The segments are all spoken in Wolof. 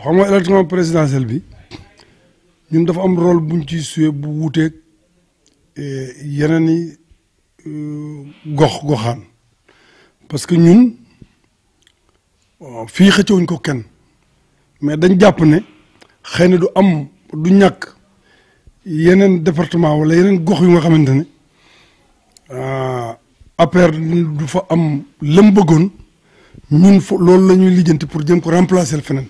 waaw xam nga élection bi ñun dafa am role buñ ci suyee bu wuuteeg eh, yeneen i euh, gox goxaan parce que ñun fii xëccewuñ ko kenn mais dañ jàpp ne xëy na du am du ñàkk yeneen département wala yeneen gox yu nga xamante ne ah, APR du fa am lëm bëggoon ñun fo loolu la ñuy lijjanti pour jëm ko remplacer feneen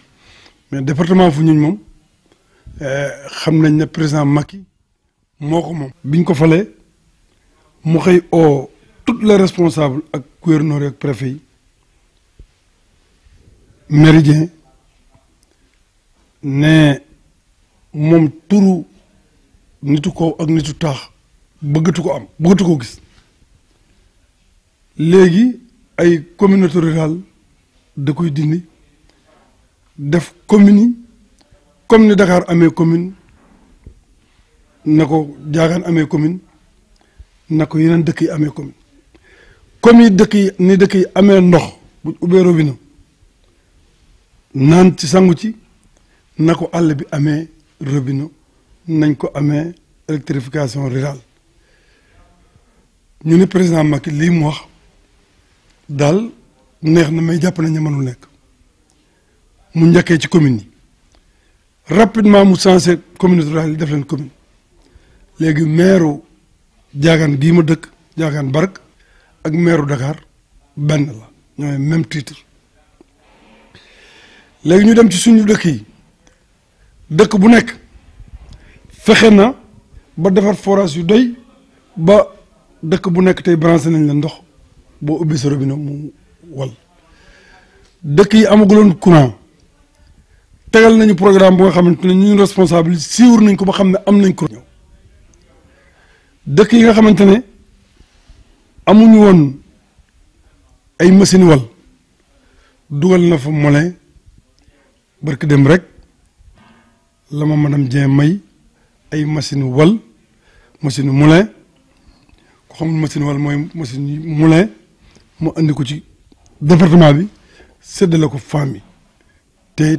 mais département Foundiougne moom eh, xam nañ ne président Macky moo ko moom. biñ ko falee mu xëy oo toutes les responsables ak gouverneur ak préfet yi méridien ne moom turu nitu ko ak nitu taax bëggatu ko am bëggatu ko gis léegi ay communauté rural da koy dindi. def commune yi comme ni Dakar amee commune na ko Diagane amee commune na ko yeneen dëkk yi amee commune comme yi dëkk yi ni dëkk yi amee ndox bu ubbee robine naan ci sangu ci na ko àll bi amee robinet nañ ko amee électrification rurale ñu ne président Macky lii mu wax daal neex na may jàpp nañ ne mënul nekk mu njëkkee ci commune yi rapidement mu sensé commune rurale yi def leen commune léegi meeru jaagaan gii ma dëkk jaagaan bark ak meeru Dakar benn la ñooy même titre léegi ñu dem ci suñu dëkk yi dëkk bu nekk fexe na ba defar forage yu doy ba dëkk bu nekk tey branché nañ la ndox boo ubbi sa robinet mu wal dëkk yi amaguloon courant tegal nañu programme bu nga xamante ne ñun responsable siiwur nañ ko ba xam ne am nañ ko. ñëw dëkk yi nga xamante ne amuñu woon ay machine wal dugal na fa moulin barki dem rek la ma madame Dieng may ay machine wal machine moulin ku xamul machine wal mooy machine moulin mu indi ko ci département bi séddale ko femme yi te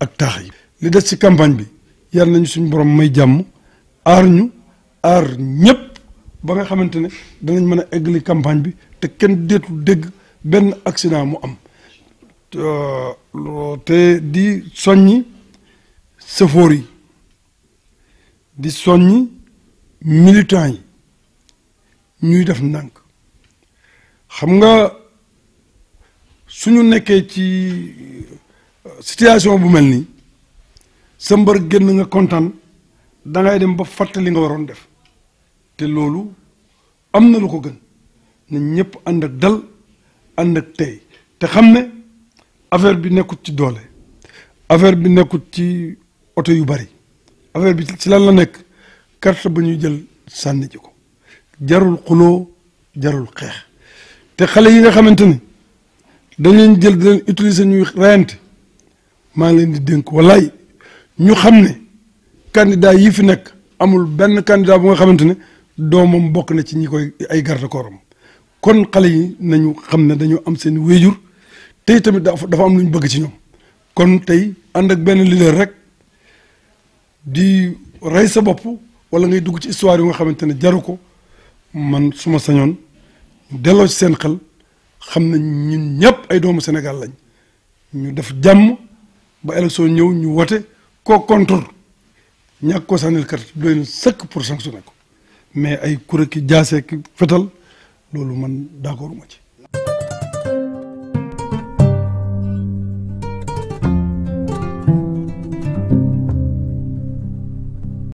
ak taax yi li des ci campagne bi yàlla nañu suñu borom may jàmm aar ñu aar ñëpp ba nga xamante ne danañ mën a eggali campagne bi te kenn deetul dégg benn accident mu am te di soññi sëfoor yi di soññi militants yi ñuy def ndànk xam nga suñu nekkee ci situation bu mel nii sa mbër génn nga kontaan da dem ba fàttali li nga waroon def te loolu am na lu ko gën na ñëpp ànd ak dal ànd ak tey te xam ne affaire bi nekkut ci doole affaire bi nekkut ci oto yu bari affaire bi ci lan la nekk carte ba ñuy jël sànni ji ko jarul xuloo jarul xeex te xale yi nga xamante ni dañ jël di utiliser ñuy rayante maa ngi leen di dénk wallaay ñu xam ne candidat yi fi nekk amul benn candidat bu nga xamante ne doomam bokk na ci ñi koy ay garde corps kon xale yi nañu xam ne dañoo am seen wéjur tey tamit dafa am lu ñu bëgg ci ñoom kon tey ànd ak benn leader rek di rey sa bopp wala ngay dugg ci histoire yu nga xamante ne jaru ko man suma sañoon delloo ci seen xel xam ne ñun ñëpp ay doomu Sénégal lañ ñu def jàmm ba élection ñëw ñu wote ko contre ñàkk ko sànnil carte doy na sëkk pour sanctionné ko mais ay kure ki jaasee ki fetal loolu man d'accord ma ci